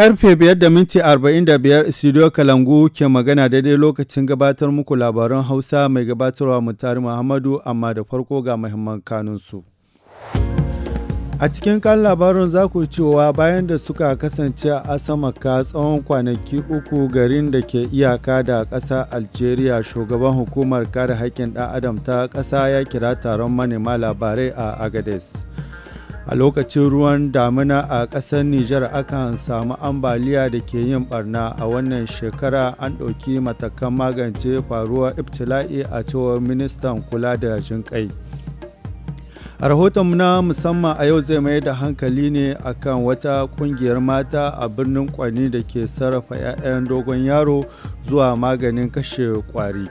Karfe biyar da minti arba'in da biyar Studio Kalangu ke magana daidai lokacin gabatar muku labaran Hausa mai gabatarwa Mutari Muhammadu amma da farko ga muhimman kanunsu. A cikin kan labarin za ku cewa bayan da suka kasance a Asamaka tsawon kwanaki uku garin da ke iyaka da ƙasa Algeria shugaban hukumar kare haƙƙin ɗan adam ta ƙasa ya kira taron manema labarai a Agades. a lokacin ruwan damina a ƙasar Nijar akan samu ambaliya da ke yin barna a wannan shekara an ɗauki matakan magance faruwar Iftila'i a cewar ministan kula da jinƙai. a rahoton na musamman a yau zai mai da hankali ne akan wata kungiyar mata a birnin kwani da ke sarrafa 'ya'yan dogon yaro zuwa maganin kashe kwari.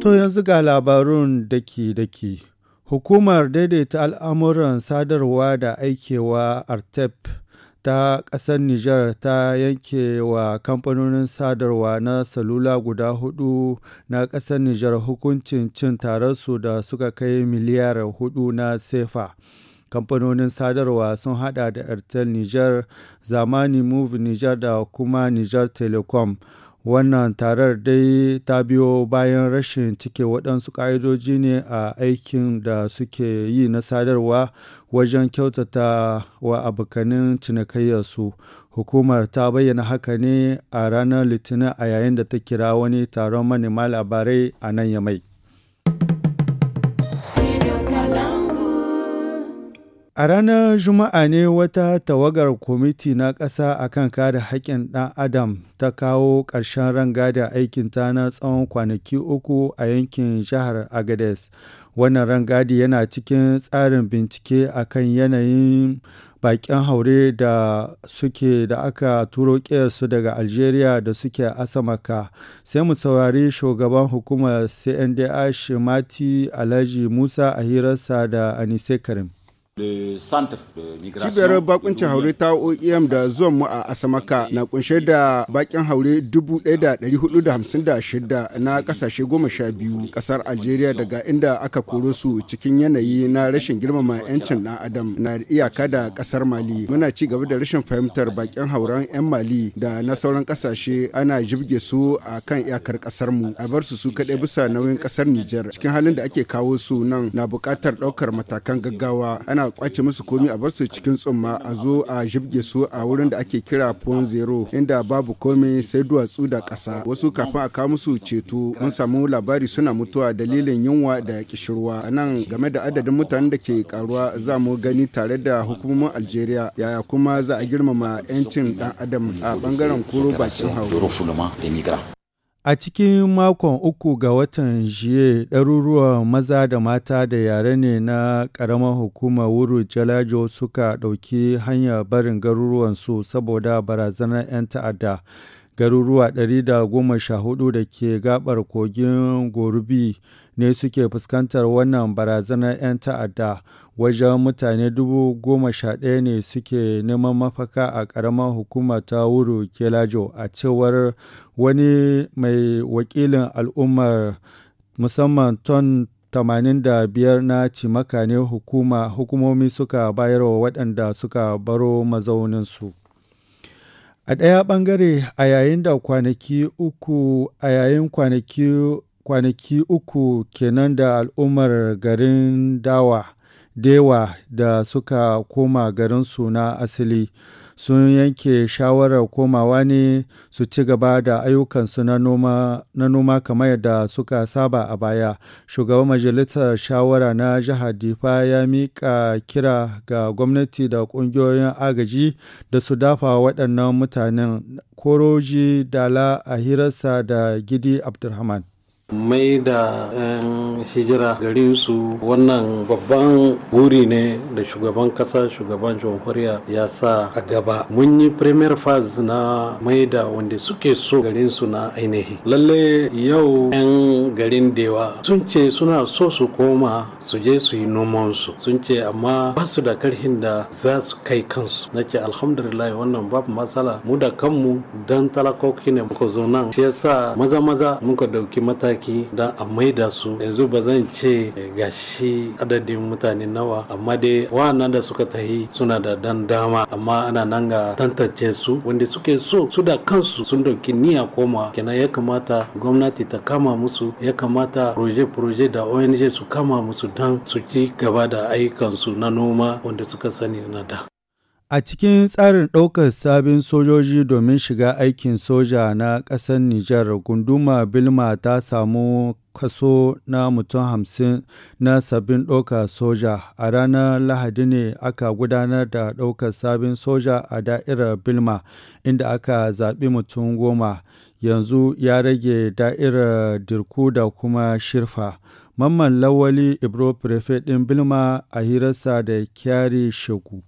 To yanzu ga labarun daki-daki. Hukumar Daidaita Al'amuran Sadarwa da Aikewa Artep ta ƙasar Nijar ta yanke wa kamfanonin sadarwa na salula guda hudu na ƙasar Nijar hukuncin cin tararsu da suka kai miliyar hudu na sefa. Kamfanonin sadarwa sun hada da Airtel Nijar, Zamani Move Nijar da kuma Nijar Telecom. Wannan tarar dai ta biyo bayan rashin cike waɗansu ƙa'idoji ne a aikin da suke yi na sadarwa wajen kyautata wa abokanin cinikayyarsu. Hukumar ta bayyana haka ne a ranar Litinin a yayin da ta kira wani taron manema labarai a nan ya mai. A ranar Juma'a ne wata tawagar kwamiti na ƙasa a kan kare haƙƙin ɗan Adam ta kawo ƙarshen aikin aikinta na tsawon kwanaki uku a yankin jihar Agades. Wannan rangadi yana cikin tsarin bincike a kan yanayin baƙin haure da suke da aka turo su daga Algeria da suke asamaka. Sai mu saurari shugaban hukumar CNDH Mati Alhaji Musa a hirarsa da Anise Karim. Eh, eh, Cibiyar bakuncin haure ta OEM da zuwan mu a Asamaka na kunshe da bakin haure 1,456 na kasashe 12 kasar Algeria daga inda aka koro su cikin yanayi na rashin girmama 'yancin na adam na iyaka da kasar Mali. Muna ci gaba da rashin fahimtar bakin hauren 'yan Mali da na sauran kasashe ana jibge su a kan iyakar kasar mu. A bar su su kaɗai bisa nauyin kasar Nijar cikin halin da ake kawo su nan na bukatar daukar matakan gaggawa. Ana kwace musu komi a barsu cikin tsumma a zo a jibge su a wurin da ake kira pon zero inda babu komi sai duwatsu da ƙasa wasu kafin a kawo musu ceto mun samu labari suna mutuwa dalilin yunwa da kishirwa a nan game da adadin mutanen da ke karuwa za mu gani tare da hukumomin algeria yaya kuma za a girmama 'yancin dan adam a bangaren kuro bakin hau. A cikin makon uku ga watan jiye ɗaruruwan maza da mata da yare ne na ƙaramar hukumar wuru Jalajo suka ɗauki hanya barin garuruwansu saboda barazanar 'yan ta'adda. Garuruwa 114 da ke gabar kogin Gorubi ne suke fuskantar wannan barazanar 'yan ta'adda. wajen mutane dubu goma sha ɗaya ne suke neman mafaka a ƙaramar hukuma ta wuru kelajo a cewar wani mai wakilin al'ummar musamman ton 85 na cimaka ne hukuma hukumomi suka bayar wa waɗanda suka baro mazauninsu. A ɗaya ɓangare a yayin da kwanaki uku a yayin kwanaki uku kenan da al'ummar garin dawa dewa da suka koma garinsu na asali sun yanke shawarar komawa ne su ci gaba da ayyukansu na noma kamar yadda suka saba a baya shugaban majalisar shawara na jihar difa ya mika kira ga gwamnati da kungiyoyin agaji da su dafa waɗannan mutanen koroji dala a hirarsa da gidi abdulrahman mai da 'yan hijira garinsu wannan babban buri ne da shugaban kasa shugaban jamhuriya ya sa a gaba mun yi premier phase na mai da wanda suke so garinsu na ainihi lalle yau 'yan garin dewa sun ce suna so su koma su je su yi nomansu sun ce amma ba su da karhin da za su kai kansu na ce alhamdulillah wannan babu matsala mu da kanmu dan talakoki ne muka zo nan shi yasa maza maza muka dauki mata mataki don a maida su yanzu ba zan ce eh, ga shi adadin mutane nawa amma dai wa'annan da suka tahi suna da dan dama amma ana nan ga tantance su wanda suke so su da kansu sun dauki niyya koma kenan ya kamata gwamnati ta kama musu ya kamata proje-proje da ong su kama musu don su ci gaba da ayyukansu na noma wanda suka sani na da A cikin tsarin ɗaukar sabin sojoji domin shiga aikin soja na ƙasar Nijar, gunduma Bilma ta samu kaso na mutum hamsin na sabbin ɗaukar soja. A ranar Lahadi ne aka gudanar da ɗaukar sabin soja a da'irar Bilma, inda aka zaɓi mutum goma. Yanzu ya rage da'irar Dirku da kuma Shirfa. Mamman Lawali Ibro Prefet ɗin Bilma a hirarsa da Kyari Shegu.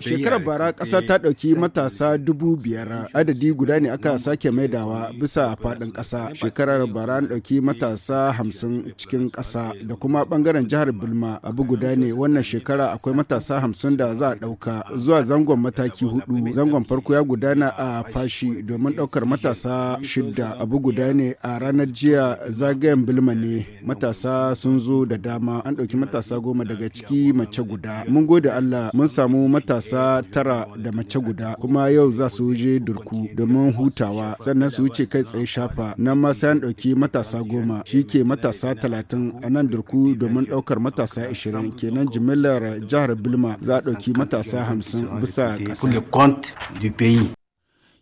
Shekarar bara ƙasa ta ɗauki matasa dubu biyar adadi guda ne aka sake maidawa bisa faɗin ƙasa. Shekarar bara an ɗauki matasa hamsin cikin ƙasa da kuma ɓangaren jihar Bilma abu guda ne wannan shekara akwai matasa hamsin da za a ɗauka zuwa zangon mataki hudu. Zangon farko ya gudana a fashi domin ɗaukar matasa shidda abu guda ne a ranar jiya zagayen Bilma ne matasa sun zo da dama an ɗauki matasa goma daga ciki mace guda. Mun gode Allah mun samu matasa tara da mace guda kuma yau za su je durku domin hutawa sannan su wuce kai tsaye shafa nan ma sai an ɗauki matasa goma shi ke matasa talatin a nan durku domin ɗaukar matasa ashirin kenan jimillar jihar bilma za a ɗauki matasa hamsin bisa ƙasa.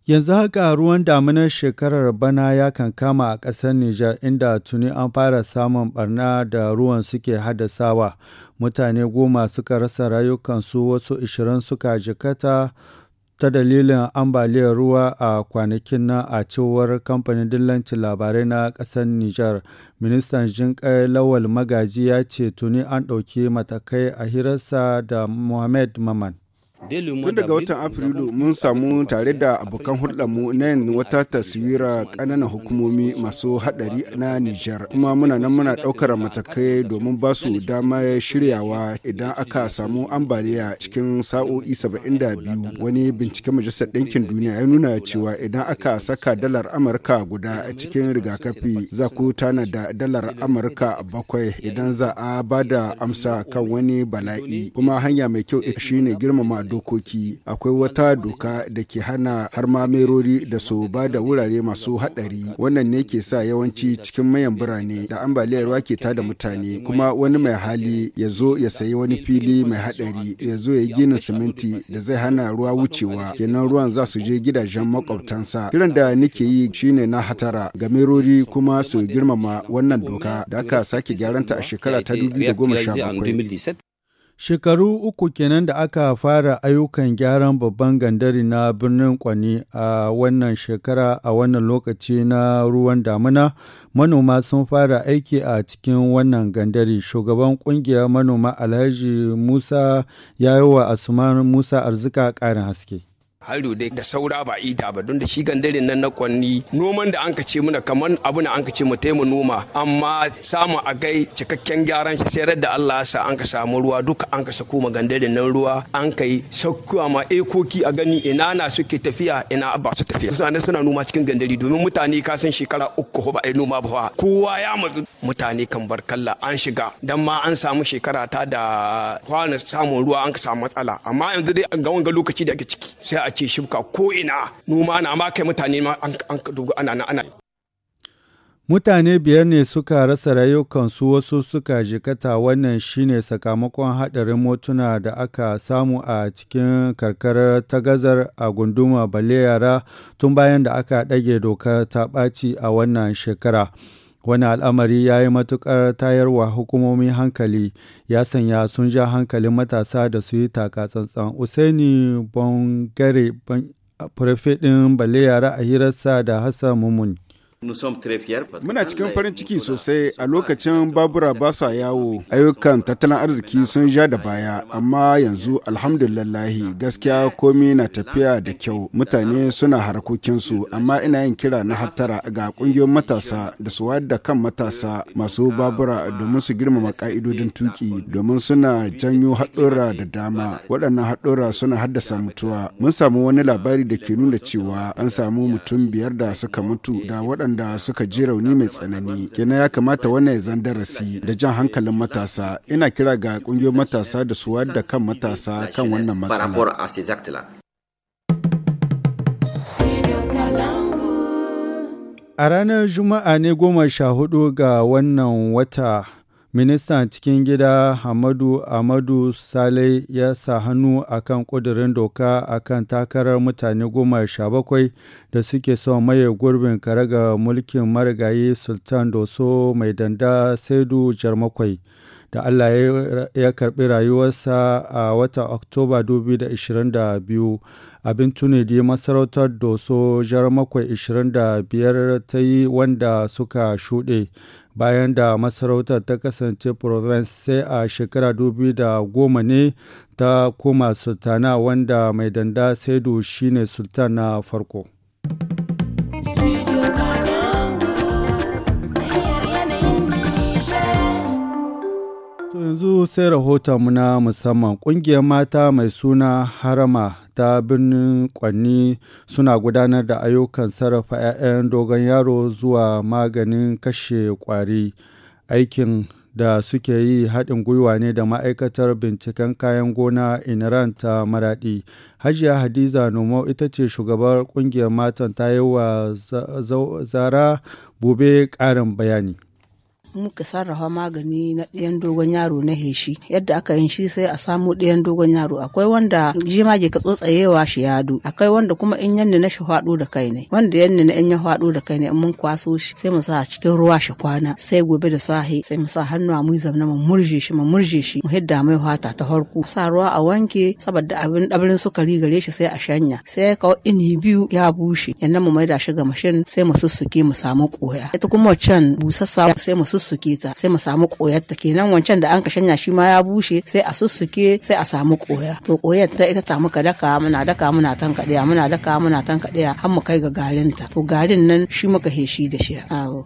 Yanzu haka ruwan daminar shekarar bana ya kankama a ƙasar Nijar inda tuni an fara samun barna da ruwan suke haddasawa. Mutane goma suka rasa rayukansu wasu ishirin suka jikata ta dalilin ambaliyar ruwa a kwanakin nan a cewar kamfanin dillancin labarai na ƙasar Nijar. Ministan jinƙai Lawal Magaji ya ce tuni an ɗauki matakai a hirarsa da Mohamed Maman. Tun daga watan Afrilu mun samu tare da abokan hulɗarmu na yin wata taswira ƙananan hukumomi masu haɗari na Nijar. Kuma muna nan muna ɗaukar matakai domin ba su dama shiryawa idan aka samu ambaliya cikin sa'o'i saba'in da biyu. wani binciken Majalisar Ɗinkin Duniya ya nuna cewa idan aka saka dalar Amurka guda cikin rigakafi za ku tana da dalar Amurka bakwai idan za a ba da amsa kan wani bala'i. Kuma hanya mai kyau shine girmama dokoki akwai wata doka da ke hana har ma merori da su ba da wurare masu hadari wannan ne ke sa yawanci cikin mayan birane da ambaliyar ruwa ke tada mutane kuma wani mai hali ya zo ya sayi wani fili mai hadari ya zo ya gina siminti da zai hana ruwa wucewa kenan ruwan za su je gidajen makwabtansa kiran da nike yi shine na hatara ga merori kuma su girmama wannan doka da aka sake gyaranta a shekara ta 2017 Shekaru uku kenan da aka fara ayyukan gyaran babban gandari na birnin Kwani a wannan shekara a wannan lokaci na ruwan damuna, manoma sun fara aiki a cikin wannan gandari. Shugaban kungiyar manoma Alhaji Musa ya yi wa Asuman Musa arzika ƙarin haske. haru dai da saura ba ida ba don da shi gandarin nan na kwanni noman da anka ce muna kamar abu na anka ce mu taimu noma amma samun a gai cikakken gyaran shi sai da Allah sa an ka samu ruwa duka an ka sako ma gandarin nan ruwa an kai sakkuwa ma ekoki a gani ina na suke tafiya ina ba su tafiya ne suna noma cikin gandari domin mutane ka san shekara uku ba ai noma ba kowa ya mutu mutane kan bar kalla an shiga dan ma an samu shekara ta da kwana samun ruwa an ka samu matsala amma yanzu dai ga wanga lokaci da ake ciki sai a ce shibka ko ina noma ana ma mutane an dubu ana ana Mutane biyar ne suka rasa rayukansu wasu suka jikata wannan shine sakamakon haɗarin motuna da aka samu a cikin karkarar ta gazar a gunduma bale yara tun bayan da aka ɗage dokar ta ɓaci a wannan shekara. Wani al'amari ya yi matuƙar tayarwa hukumomin hankali ya sanya sun ja hankalin matasa da su yi taka tsantsan. Usaini Bongare, Firfeɗin Bale Yara a hirarsa da Hassan Mumuni. Muna cikin farin ciki sosai a lokacin babura ba sa yawo ayyukan tattalin arziki sun ja da baya amma yanzu alhamdulillahi gaskiya komi na tafiya da kyau mutane suna harkokinsu amma ina yin kira na hattara ga kungiyoyin matasa da su da kan matasa masu babura domin su girmama ka'idodin tuki domin suna janyo haɗura da dama waɗannan haɗura suna haddasa mutuwa mun samu wani labari da ke nuna cewa an samu mutum biyar da suka mutu da waɗannan waɗanda suka ji rauni mai tsanani kenan ya kamata wannan ya zan darasi da jan hankalin matasa ina kira ga ƙungiyoyin matasa da su da kan matasa kan wannan matsala A ranar Juma'a ne goma sha hudu ga wannan wata Ministan cikin gida Hamadu Amadu sale ya sa hannu a kan ƙudurin doka a kan takarar mutane goma sha bakwai da suke son maye gurbin karaga mulkin marigayi Sultan Doso mai danda Saidu Jarmakwai. da Allah ya karɓi rayuwarsa a watan Oktoba 2022 abin tuni da masarautar Doso jar 25 ta yi wanda suka shuɗe bayan da masarautar ta kasance provence sai a shekara da goma ne ta koma sultana wanda mai danda saido shine sultan na farko. yanzu sai rahotonmu na musamman ƙungiyar mata mai suna harama ta birnin kwanni suna gudanar da ayyukan sarrafa 'ya'yan dogon yaro zuwa maganin kashe kwari aikin da suke yi haɗin gwiwa ne da ma'aikatar binciken kayan gona iniran ta maraɗi hajiya hadiza nomo ita ce shugabar ƙungiyar matan ta yi wa zara bube ƙarin bayani muka sarrafa magani na ɗayan dogon yaro na heshi yadda aka yin shi sai a samu ɗayan dogon yaro akwai wanda shi ma ke tsotsayewa shi yado akwai wanda kuma in yanni na shi faɗo da kai ne wanda yanni na in ya faɗo da kai ne in mun kwaso shi sai mu sa a cikin ruwa shi kwana sai gobe da sahi sai mu sa hannu a mun zamna mu murje shi mu murje shi mu hidda mai fata ta farko sa ruwa a wanke saboda abin ɗabrin sukari gare shi sai a shanya sai ka ini biyu ya bushe yanda mu da shi ga mashin sai mu sussuke mu samu koya ita kuma can busassa sai mu sussuke ta sai mu samu koyarta kenan wancan da an ka shanya shi ma ya bushe sai a sussuke sai a samu koya to koyar ta ita ta muka daka muna daka muna tankaɗeya muna daka muna tankaɗeya har mu kai ga garin ta to garin nan shi muka heshi da shi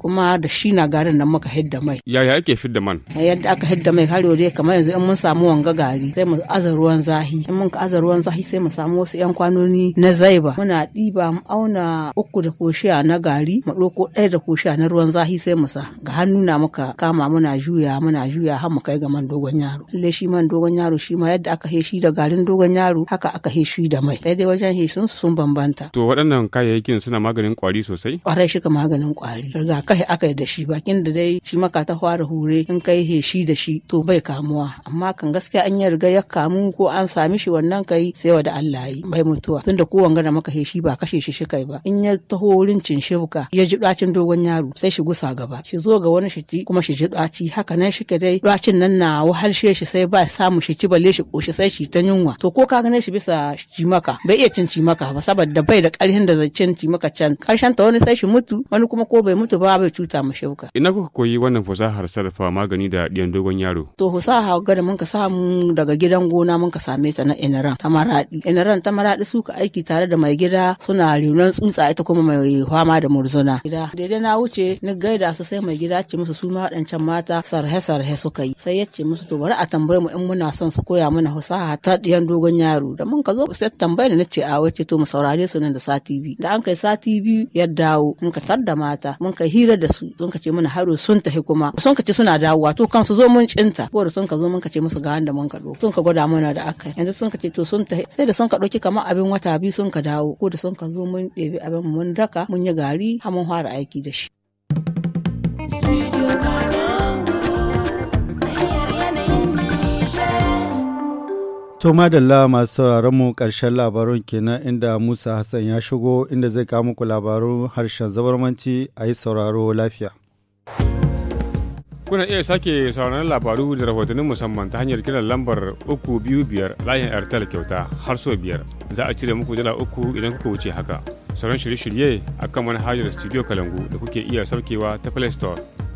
kuma da shi na garin nan muka hidda mai yaya ake fidda man yadda aka hidda mai har dai kamar yanzu in mun samu wanga gari sai mu aza ruwan zahi in mun ka aza ruwan zahi sai mu samu wasu yan kwanoni na zaiba muna ɗiba mu auna uku da koshiya na gari mu ɗauko ɗaya da koshiya na ruwan zahi sai mu sa ga hannu na muka kama muna juya muna juya har mu kai ga man dogon yaro lalle shi man dogon yaro shi ma yadda aka shi da garin dogon yaro haka aka shi da mai sai dai wajen heshin sun sun bambanta to waɗannan kayayyakin suna maganin kwari sosai kwarai shi ka maganin kwari riga kai aka yi da shi bakin da dai shi maka ta fara hure in kai heshi da shi to bai kamuwa amma kan gaskiya an yi riga ya kamu ko an sami shi wannan kai sai wa da Allah yi bai mutuwa tunda ko wanga da maka shi ba kashe shi shi kai ba in ya taho wurin cin shibka ya ji dacin dogon yaro sai shi gusa gaba shi zo ga wani shi shi kuma shi ji ɗaci haka nan shi ke dai ɗacin nan na wahalshe shi sai ba samu shi ci balle shi ƙoshi sai shi ta yunwa to ko ka gane shi bisa cimaka bai iya cin cimaka ba saboda bai da ƙarfin da zai cin cimaka can ƙarshen ta wani sai shi mutu wani kuma ko bai mutu ba bai cuta mu shauka. ina kuka koyi wannan fasahar sarrafa magani da ɗiyan dogon yaro. to fasaha gada mun ka samu daga gidan gona mun ka same ta na inaran tamaraɗi inaran tamaraɗi su ka aiki tare da mai gida suna renon tsutsa ita kuma mai fama da murzuna. gida daidai na wuce ni gaida su sai mai gida ce musu su su ma waɗancan mata sarhe-sarhe suka yi sai ya ce musu to bari a tambaye mu in muna son su koya mana fasaha ta ɗiyan dogon yaro da mun ka zo sai tambayar na ce a wace to mu saurare su nan da sati biyu da an kai sati biyu ya dawo mun ka tar da mata mun ka hira da su sun ka ce mana haro sun tafi kuma sun ka ce suna dawowa to kansu zo mun cinta ko da sun ka zo mun ka ce musu ga wanda mun ka ɗauko sun ka gwada mana da aka yanzu sun ka ce to sun tafi sai da sun ka ɗauki kamar abin wata biyu sun ka dawo ko da sun ka zo mun ɗebi abin mun daka mun yi gari har mun fara aiki da shi. To madalla masu sauraron mu ƙarshen labarun kenan inda Musa Hassan ya shigo inda zai kawo muku labarun harshen zabarmanci a yi sauraro lafiya. Kuna iya sake sauraron labaru da rahotannin musamman ta hanyar kiran lambar 325 layin Airtel kyauta har so biyar. Za a cire muku dala uku idan kuka wuce haka. Sauran shirye-shirye a kan manhajar Studio Kalangu da kuke iya saukewa ta Play Store.